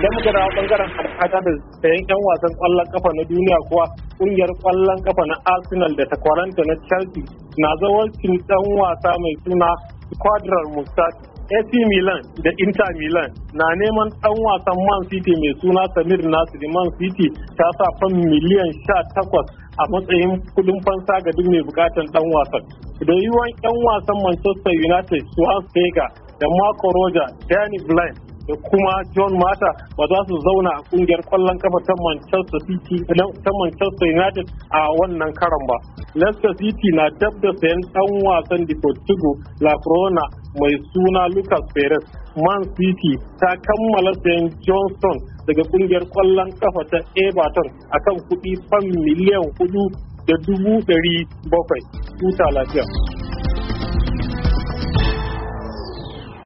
idan muka dawo bangaren harkata da sayan yan wasan kwallon kafa na duniya kuwa kungiyar kwallon kafa na arsenal da takwaranta na chelsea na zawarcin dan wasa mai suna kwadrar mustati AC Milan da Inter Milan na neman ɗan wasan Man City mai suna Samir Nasri Man City ta sa fam miliyan 18 a matsayin kudin fansa ga duk mai bukatan ɗan wasan. Da yiwuwan 'yan wasan Manchester United Suwan Sega da Marco Roja, Danny Blind da kuma John Mata ba za su zauna a kungiyar kwallon kafa ta Manchester United a wannan karan ba. Leicester City na dab da sayan dan wasan di La Corona mai suna Lucas Perez. Man City ta kammala sayan Johnson daga kungiyar kwallon kafa ta Everton akan kuɗi fam miliyan hudu da dubu ɗari bakwai. Tuta lafiya.